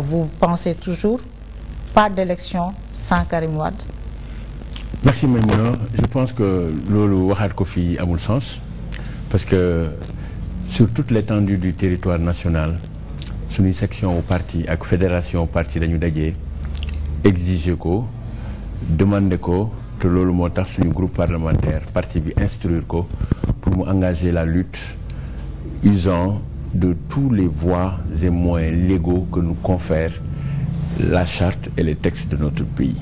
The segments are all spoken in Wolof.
vous pensez toujours pas d'élection sans Karim merci Maïmouna je pense que loolu waxaat ko fii amul sens parce que sur toute l'étendue du territoire national suñuy section au parti ak fédération parti dañu dajee exiger ko demande ko te loolu moo tax suñu groupe parlementaire parti bi instruire ko pour mu engager la lutte usant de tous les voies et moyens légaux que nous confèrent la charte et les textes de notre pays.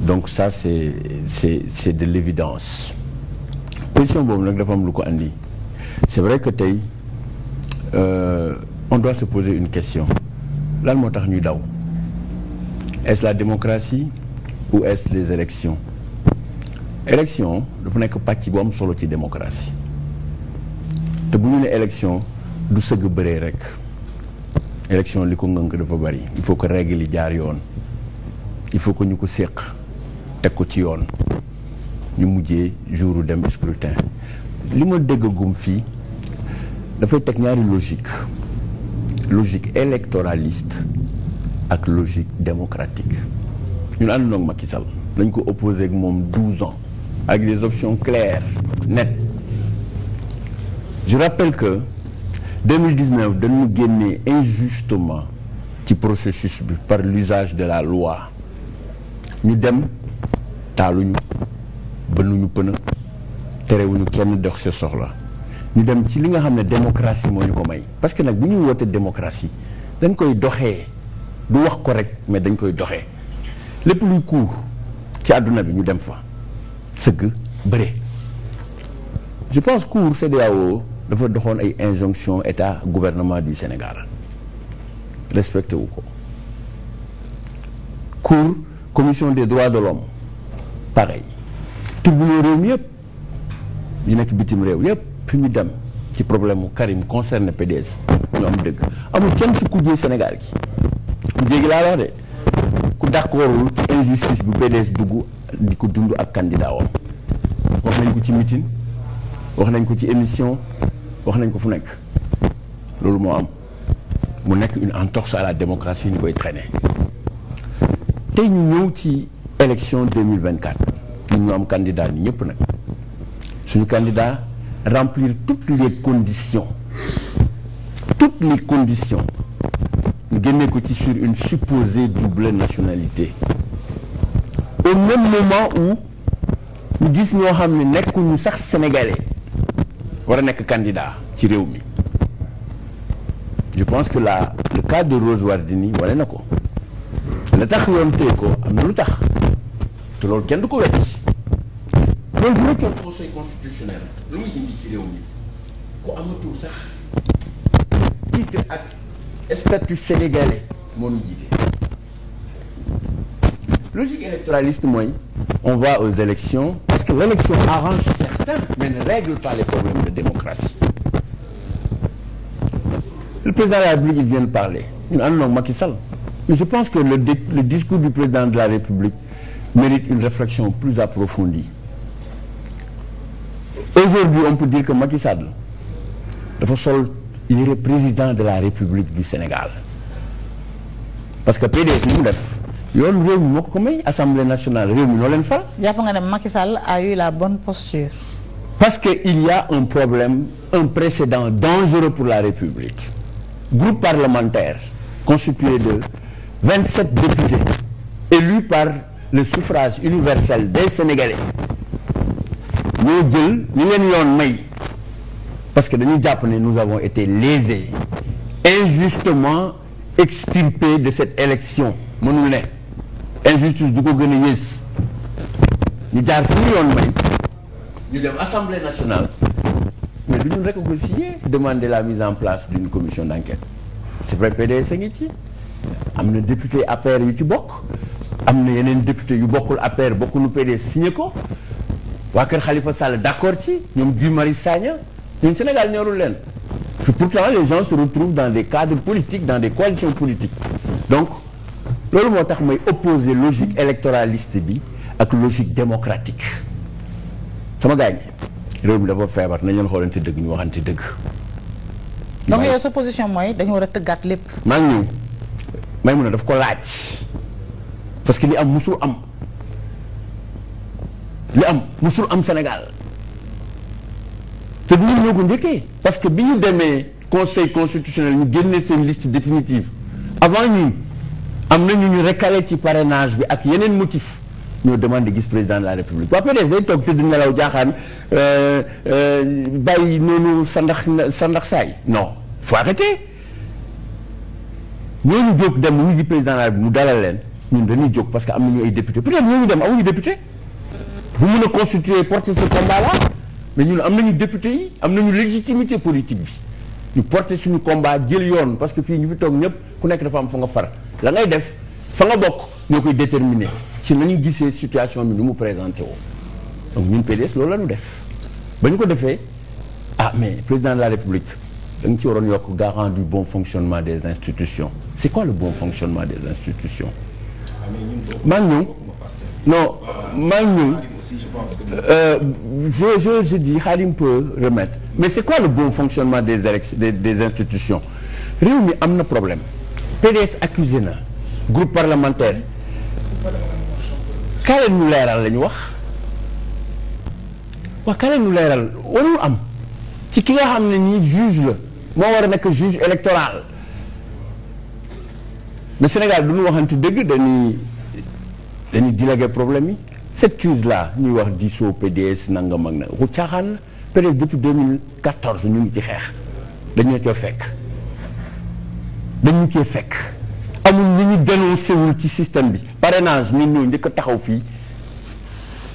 donc ça c'est c'est c'est de l'évidence position boobu nag dafa am lu ko andi c'est vrai que tey euh, on doit se poser une question lan moo tax ñuy daw est la démocratie ou est-ce les élections élection dafa nekk pàcc bu solo ci démocratie te bu ñu élection du sëgg bëree rek élection li ko ngënk dafa bari il faut que règle yi jaar yoon il faut que ñu ko séq teg ko ci yoon ñu mujjee jouru dem scrutin li ma déggagum fii dafay teg ñaari logique logique électoraliste ak logique démocratique ñu ànd noog ma kisal dañ ko opposé ak moom 12 ans avec des options claires nettes je rappelle que 2019 dañu génne injustement ci processus bi par l'usage de la loi ñu dem taaluñu bënuñu pëna terewuñu kenn dox sa soxla ñu dem ci li nga xam ne démocratie moo ñu ko may parce que nag bu ñuy woote démocratie dañ koy doxee du wax ko rek mais dañ koy doxee lépp luy cours ci àdduna bi ñu dem fa sëgg bëre je pense cours CEDEAO dafa doxoon ay injonction état gouvernement du Sénégal respecté wu ko cour commission des droits de l'homme pareil tribunaux réew mi yëpp yu nekk bitim réew yëpp fi ñu dem ci problème mu Karim concerné PDS ñu am dëgg amul kenn ci kujjee Sénégal gi jéegi laa wax de ku d'accordul ci injustice bu PDS dugg di ko dund ak candidat wax nañ ko ci meeting wax nañ ko ci émission wax nañ ko fu nekk loolu moo am mu nekk une entorse à la démocratie ñu koy traîner tey ñu ñëw ci élection 2024 ñun ñu am candidat ni ñëpp nag suñu candidat remplir toutes les conditions toutes les conditions ñu génnee ko ci sur une supposée double nationalité au même moment où ñu gis ñoo xam ne ñu sax sénégalais war nekk candidat ci réew mi je pense que la le cas de Rose Wardini wane na ko la tax yoon ko am na lu tax te loolu kenn du ko wetti loolu bu rëccoon conseil constitutionnel lu muy indi ci réew mi électoraliste mooy on va aux élections parce que l'élection arrange certains ma mais ne règle pas les problèmes de démocratie. Le président de la République vient de parler ñun ànd je pense que le, le discours du président de la République mérite une réflexion plus approfondie. Aujourd'hui, on peut dire que Macky Sall dafa sol yére président de la République du Sénégal parce que PDS des mu def yoon réew mi moo assemblée nationale réew mi noo leen fal. jàpp nga ne a eu la bonne posture. parce qu'il y a un problème un précédent dangereux pour la République groupe parlementaire constitué de 27 députés élus par le suffrage universel des Sénégalais ñoo jël ñu leen yoon parce que dañu jàpp ne nous avons été lésés injustement extirpés de cette élection mënul ne injustice du ko gën ñu dem assemblée nationale mais du ñun rek a ko signé demander la mis en place d'une commission d'enquête c'est vrai PDS a ngi ci am na député APR yu ci bokk am na yeneen député yu bokkul APR bokkulu PDS signé ko waa kër Khalifa Sall d'accord ci ñoom Guy Marius Sagna ñun Sénégal ñorul leen pourtant les gens se retrouvent dans des cadres politique dans des coalitions politiques donc loolu moo tax may opposer logique électoraliste bi ak logique démocratique sama gaañ réew mi dafa feebar nañ leen xoolante dëgg ñu waxante dëgg. donc yow sa position mooy dañu war a tëggaat lépp. maa ngi ñëw may mun a daf ko laaj parce que li am musul am li am musul am Sénégal te ñun ñoo ko njëkkee parce que bi ñu demee conseil constitutionnel ñu génnee seen liste définitive avant ñun am nañu ñu ñu ci parrainage bi ak yeneen motif ñoo demandé gis président de la république waa PDS day toog tëdd nelaw jaaxaan euh, euh, bàyyi noonu sandax sandax saay non faut arrêter ñooñu jóg dem mu ji président de la mu dalal leen ñun dañuy jóg parce que am nañu ay député peut-être ñooñu dem amuñu député bu mën a constituer porter ce combat là mais ñun am nañu député yi am nañu légitimité politique bi ñu porter suñu combat jël yoon parce que fii ñu fi toog ñëpp ku nekk dafa am fa nga far la ngay def fa nga bokk ñoo koy déterminer ci nañu gisee situation bi nu mu présenté woo donc loolu la ñu def ba ñu ko defee ah mais président de la république da nga ci waroon yokk garant du bon fonctionnement des institutions c'est quoi le bon fonctionnement des institutions maa ngi ñëw non maa ngi ñëw euh, je je je dis Karim peut remettre mais c'est quoi le bon fonctionnement des des, des institutions réew am na problème PDS accusé na groupe parlementaire kaay leen leeral la wax wax kaay leen leeral warul am ci ki nga xam ne nii juge la moo war a nekk juge électoral le Sénégal du ñu waxante dëgg dañuy dañuy dilaguer problème yi cette crise là ñuy wax diisoo PDS nangam mag na ku caaxaan la PDS depuis 2014 ñu ngi ci xeex dañoo coo fekk dañu coo fekk amul lu ñu dénoncé ci système bi parrainage ni ñu njëkk a taxaw fii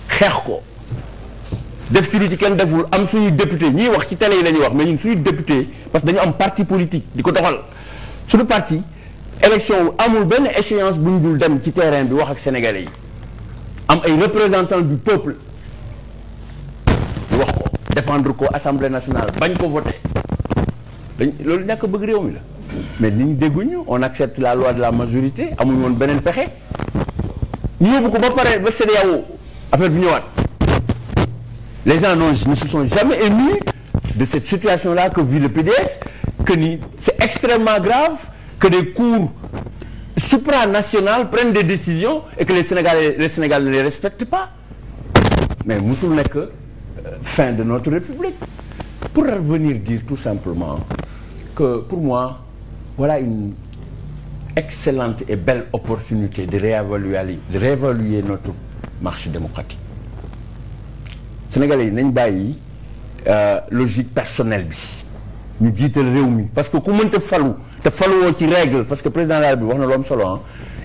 xeex ko def ci lu ci kenn deful am suñu député ñiy wax ci télé yi la ñuy wax mais ñun suñu député parce que dañu am parti politique di ko doxal suñu parti élection amul benn échéance bu ñu dem ci terrain bi wax ak sénégalais yi am ay représentants du peuple wax ko défendre ko assemblée nationale bañ ko voté dañ loolu nekk bëgg réew mi la mais ni ñu dégguñu on accepte la loi de la majorité amuñu woon beneen pexe ñu yóbbu ko ba pare ba CEDEAO affaire bi ñëwaat les gens non ne se sont jamais émus de cette situation là que vit le PDS que ni c'est extrêmement grave que des cours supranationales prennent des décisions et que les Sénégalais les Sénégalais ne les respectent pas mais musul nekk euh, fin de notre République pour revenir dire tout simplement que pour moi voilà une excellente et belle opportunité de réévaluer de réévaluer notre marche démocratique Sénégalais yi nañ bàyyi euh, logique personnelle bi ñu jiital réew mi parce que ku mënta falu te faluwoo ci règle parce que président de la République wax na solo ah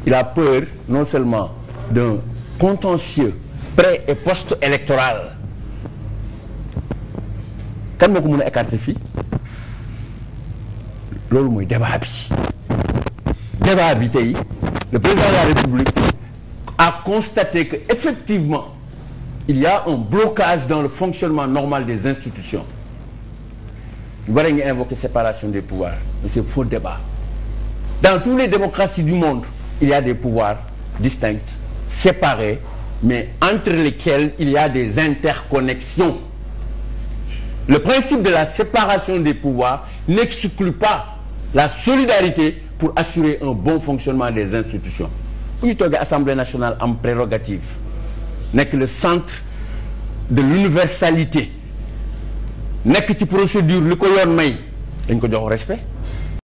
il a peur non seulement d'un contentieux pré et post électoral kan moo ko mën a écarter fii loolu mooy débat bi débat bi tey le président de la République a constaté que effectivement il y a un blocage dans le fonctionnement normal des institutions ñu bari nga invoquer séparation des pouvoirs mais c'est faux débat dans toutes les démocraties du monde il y a des pouvoirs distincts séparés mais entre lesquels il y a des interconnexions le principe de la séparation des pouvoirs n'exclut pas la solidarité pour assurer un bon fonctionnement des institutions bu ñu toogee assemblée nationale am prérogative nekk le centre de l'universalité nekk ci procédure li ko yoon may dañ ko jox respect